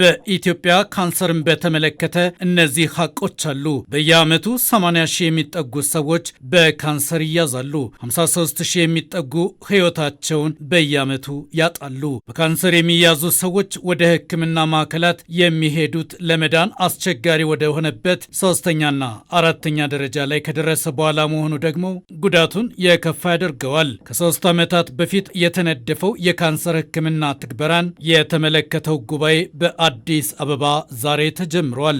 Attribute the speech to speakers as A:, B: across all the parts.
A: በኢትዮጵያ ካንሰርን በተመለከተ እነዚህ ሀቆች አሉ። በየዓመቱ 80 ሺህ የሚጠጉ ሰዎች በካንሰር ይያዛሉ። 53 ሺህ የሚጠጉ ሕይወታቸውን በየዓመቱ ያጣሉ። በካንሰር የሚያዙ ሰዎች ወደ ሕክምና ማዕከላት የሚሄዱት ለመዳን አስቸጋሪ ወደ ሆነበት ሶስተኛና አራተኛ ደረጃ ላይ ከደረሰ በኋላ መሆኑ ደግሞ ጉዳቱን የከፋ ያደርገዋል። ከሶስት ዓመታት በፊት የተነደፈው የካንሰር ሕክምና ትግበራን የተመለከተው ጉባኤ በ በአዲስ አበባ ዛሬ ተጀምሯል።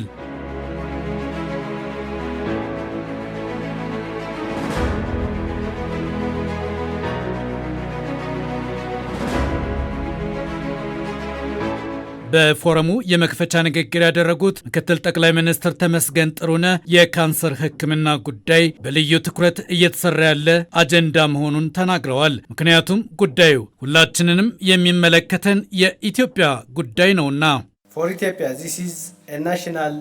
A: በፎረሙ የመክፈቻ ንግግር ያደረጉት ምክትል ጠቅላይ ሚኒስትር ተመስገን ጥሩነህ የካንሰር ሕክምና ጉዳይ በልዩ ትኩረት እየተሰራ ያለ አጀንዳ መሆኑን ተናግረዋል። ምክንያቱም ጉዳዩ ሁላችንንም የሚመለከተን የኢትዮጵያ ጉዳይ ነውና። ፎር ኢትዮጵያ ዚስ ኢዝ
B: ናሽናል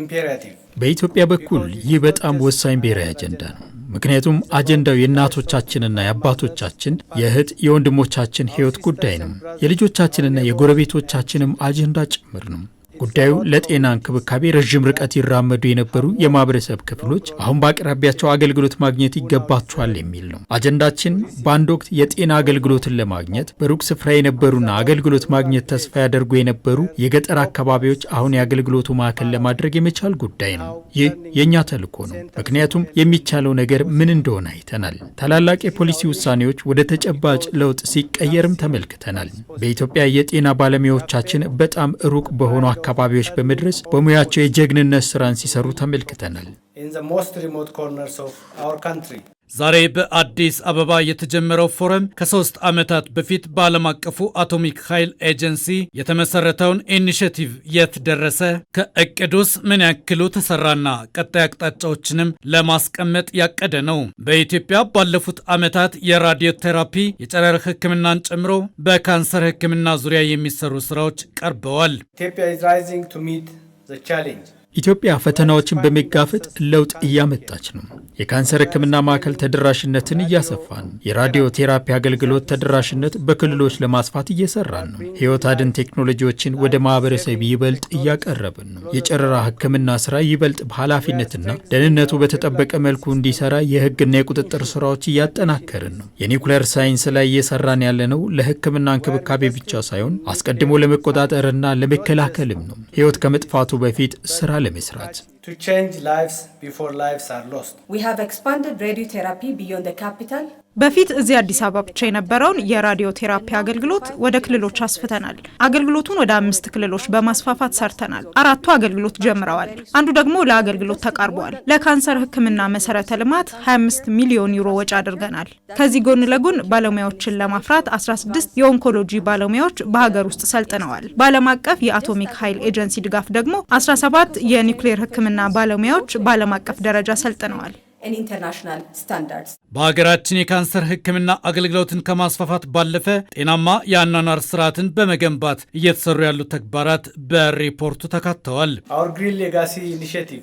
B: ኢምፔራቲቭ። በኢትዮጵያ በኩል ይህ በጣም ወሳኝ ብሔራዊ አጀንዳ ነው። ምክንያቱም አጀንዳው የእናቶቻችንና የአባቶቻችን የእህት የወንድሞቻችን ሕይወት ጉዳይ ነው። የልጆቻችንና የጎረቤቶቻችንም አጀንዳ ጭምር ነው። ጉዳዩ ለጤና እንክብካቤ ረዥም ርቀት ይራመዱ የነበሩ የማህበረሰብ ክፍሎች አሁን በአቅራቢያቸው አገልግሎት ማግኘት ይገባቸዋል የሚል ነው። አጀንዳችን በአንድ ወቅት የጤና አገልግሎትን ለማግኘት በሩቅ ስፍራ የነበሩና አገልግሎት ማግኘት ተስፋ ያደርጉ የነበሩ የገጠር አካባቢዎች አሁን የአገልግሎቱ ማዕከል ለማድረግ የመቻል ጉዳይ ነው። ይህ የእኛ ተልኮ ነው። ምክንያቱም የሚቻለው ነገር ምን እንደሆነ አይተናል። ታላላቅ የፖሊሲ ውሳኔዎች ወደ ተጨባጭ ለውጥ ሲቀየርም ተመልክተናል። በኢትዮጵያ የጤና ባለሙያዎቻችን በጣም ሩቅ በሆኑ አካባቢ አካባቢዎች በመድረስ በሙያቸው የጀግንነት ስራን ሲሰሩ ተመልክተናል።
A: ዛሬ በአዲስ አበባ የተጀመረው ፎረም ከሶስት ዓመታት በፊት በዓለም አቀፉ አቶሚክ ኃይል ኤጀንሲ የተመሰረተውን ኢኒሽቲቭ የት ደረሰ፣ ከእቅዱስ ምን ያክሉ ተሰራና ቀጣይ አቅጣጫዎችንም ለማስቀመጥ ያቀደ ነው። በኢትዮጵያ ባለፉት ዓመታት የራዲዮ ቴራፒ፣ የጨረር ሕክምናን ጨምሮ በካንሰር ሕክምና ዙሪያ የሚሰሩ ስራዎች ቀርበዋል። ኢትዮጵያ ኢዝ ራይዚንግ ቱ ሚት
B: ዘ ቻሌንጅ ኢትዮጵያ ፈተናዎችን በመጋፈጥ ለውጥ እያመጣች ነው። የካንሰር ሕክምና ማዕከል ተደራሽነትን እያሰፋን፣ የራዲዮ ቴራፒ አገልግሎት ተደራሽነት በክልሎች ለማስፋት እየሰራን ነው። ሕይወት አድን ቴክኖሎጂዎችን ወደ ማህበረሰብ ይበልጥ እያቀረብን ነው። የጨረራ ሕክምና ስራ ይበልጥ በኃላፊነትና ደህንነቱ በተጠበቀ መልኩ እንዲሰራ የህግና የቁጥጥር ስራዎች እያጠናከርን ነው። የኒውክሌር ሳይንስ ላይ እየሰራን ያለነው ለሕክምና እንክብካቤ ብቻ ሳይሆን አስቀድሞ ለመቆጣጠርና ለመከላከልም ነው። ሕይወት ከመጥፋቱ በፊት ስራ ለመስራት to change lives before lives are lost. We
A: have expanded radiotherapy beyond the capital. በፊት እዚህ አዲስ አበባ ብቻ የነበረውን የራዲዮ ቴራፒ አገልግሎት ወደ ክልሎች አስፍተናል። አገልግሎቱን ወደ አምስት ክልሎች በማስፋፋት ሰርተናል። አራቱ አገልግሎት ጀምረዋል፣ አንዱ ደግሞ ለአገልግሎት ተቃርበዋል። ለካንሰር ሕክምና መሰረተ ልማት 25 ሚሊዮን ዩሮ ወጪ አድርገናል። ከዚህ ጎን ለጎን ባለሙያዎችን ለማፍራት 16 የኦንኮሎጂ ባለሙያዎች በሀገር ውስጥ ሰልጥነዋል። በዓለም አቀፍ የአቶሚክ ኃይል ኤጀንሲ ድጋፍ ደግሞ 17 የኒውክሌር ሕክምና የሕክምና ባለሙያዎች በዓለም አቀፍ ደረጃ ሰልጥነዋል። በሀገራችን የካንሰር ሕክምና አገልግሎትን ከማስፋፋት ባለፈ ጤናማ የአኗኗር ስርዓትን በመገንባት እየተሰሩ ያሉ ተግባራት በሪፖርቱ ተካተዋል። አወር ግሪን ሌጋሲ ኢኒሽቲቭ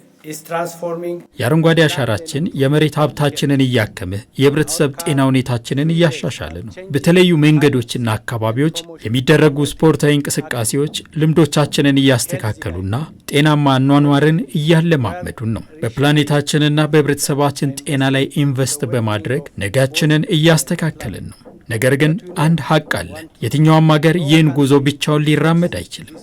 B: የአረንጓዴ አሻራችን የመሬት ሀብታችንን እያከመ የህብረተሰብ ጤና ሁኔታችንን እያሻሻለ ነው። በተለዩ መንገዶችና አካባቢዎች የሚደረጉ ስፖርታዊ እንቅስቃሴዎች ልምዶቻችንን እያስተካከሉና ጤናማ አኗኗርን እያለማመዱን ነው። በፕላኔታችንና በህብረተሰባችን ጤና ላይ ኢንቨስት በማድረግ ነጋችንን እያስተካከልን ነው። ነገር ግን አንድ ሀቅ አለ። የትኛውም ሀገር ይህን ጉዞ ብቻውን ሊራመድ አይችልም።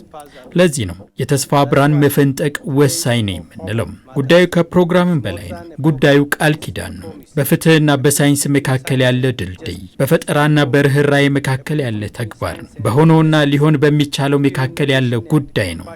B: ለዚህ ነው የተስፋ ብርሃን መፈንጠቅ ወሳኝ ነው የምንለው። ጉዳዩ ከፕሮግራምም በላይ ነው። ጉዳዩ ቃል ኪዳን ነው። በፍትህና በሳይንስ መካከል ያለ ድልድይ፣ በፈጠራና በርኅራይ መካከል ያለ ተግባር ነው። በሆነውና ሊሆን በሚቻለው መካከል ያለ ጉዳይ ነው።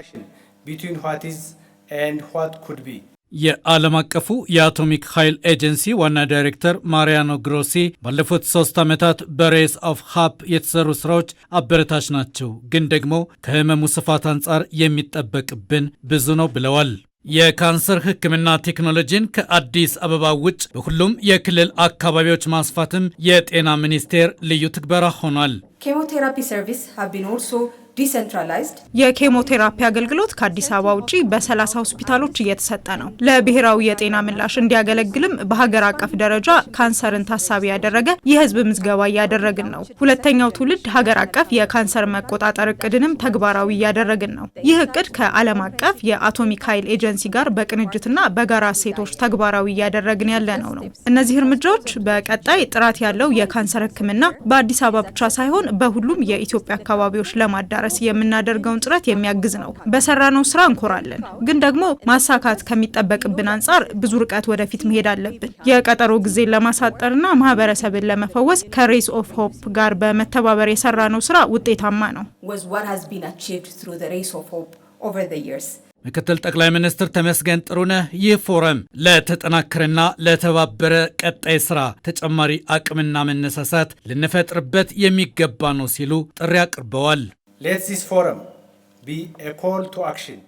A: የዓለም አቀፉ የአቶሚክ ኃይል ኤጀንሲ ዋና ዳይሬክተር ማሪያኖ ግሮሲ ባለፉት ሶስት ዓመታት በሬስ ኦፍ ሃፕ የተሰሩ ስራዎች አበረታች ናቸው፣ ግን ደግሞ ከህመሙ ስፋት አንጻር የሚጠበቅብን ብዙ ነው ብለዋል። የካንሰር ሕክምና ቴክኖሎጂን ከአዲስ አበባ ውጭ በሁሉም የክልል አካባቢዎች ማስፋትም የጤና ሚኒስቴር ልዩ ትግበራ ሆኗል። ኬሞቴራፒ ሰርቪስ ዲሰንትራላይዝድ የኬሞቴራፒ አገልግሎት ከአዲስ አበባ ውጪ በሰላሳ ሆስፒታሎች እየተሰጠ ነው። ለብሔራዊ የጤና ምላሽ እንዲያገለግልም በሀገር አቀፍ ደረጃ ካንሰርን ታሳቢ ያደረገ የህዝብ ምዝገባ እያደረግን ነው። ሁለተኛው ትውልድ ሀገር አቀፍ የካንሰር መቆጣጠር እቅድንም ተግባራዊ እያደረግን ነው። ይህ እቅድ ከዓለም አቀፍ የአቶሚክ ኃይል ኤጀንሲ ጋር በቅንጅትና በጋራ ሴቶች ተግባራዊ እያደረግን ያለ ነው ነው እነዚህ እርምጃዎች በቀጣይ ጥራት ያለው የካንሰር ህክምና በአዲስ አበባ ብቻ ሳይሆን በሁሉም የኢትዮጵያ አካባቢዎች ለማዳረስ ለመድረስ የምናደርገውን ጥረት የሚያግዝ ነው። በሰራነው ስራ እንኮራለን፣ ግን ደግሞ ማሳካት ከሚጠበቅብን አንጻር ብዙ ርቀት ወደፊት መሄድ አለብን። የቀጠሮ ጊዜን ለማሳጠርና ማህበረሰብን ለመፈወስ ከሬስ ኦፍ ሆፕ ጋር በመተባበር የሰራነው ስራ ውጤታማ ነው።
B: ምክትል ጠቅላይ ሚኒስትር ተመስገን ጥሩነህ ይህ ፎረም ለተጠናከረና ለተባበረ ቀጣይ ስራ ተጨማሪ አቅምና መነሳሳት ልንፈጥርበት የሚገባ ነው ሲሉ ጥሪ አቅርበዋል። Letztes forum.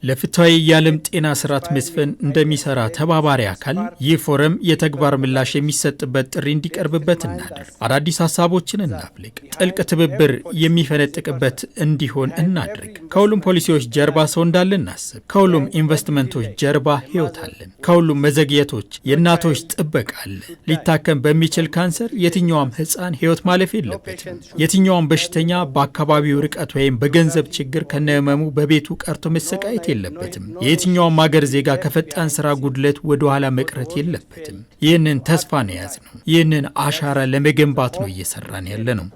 B: ለፍትሐዊ የዓለም ጤና ስርዓት መስፈን እንደሚሰራ ተባባሪ አካል ይህ ፎረም የተግባር ምላሽ የሚሰጥበት ጥሪ እንዲቀርብበት እናድርግ። አዳዲስ ሀሳቦችን እናፍልቅ። ጥልቅ ትብብር የሚፈነጥቅበት እንዲሆን እናድርግ። ከሁሉም ፖሊሲዎች ጀርባ ሰው እንዳለ እናስብ። ከሁሉም ኢንቨስትመንቶች ጀርባ ህይወት አለን። ከሁሉም መዘግየቶች የእናቶች ጥበቃ አለ። ሊታከም በሚችል ካንሰር የትኛውም ህፃን ህይወት ማለፍ የለበትም። የትኛውም በሽተኛ በአካባቢው ርቀት ወይም በገንዘብ ችግር ከነህመሙ በቤቱ ቀርቶ መሰቃየት የለበትም። የየትኛውም ሀገር ዜጋ ከፈጣን ስራ ጉድለት ወደ ኋላ መቅረት የለበትም። ይህንን ተስፋ ነው የያዝ ነው። ይህንን አሻራ ለመገንባት ነው እየሰራን ያለ ነው።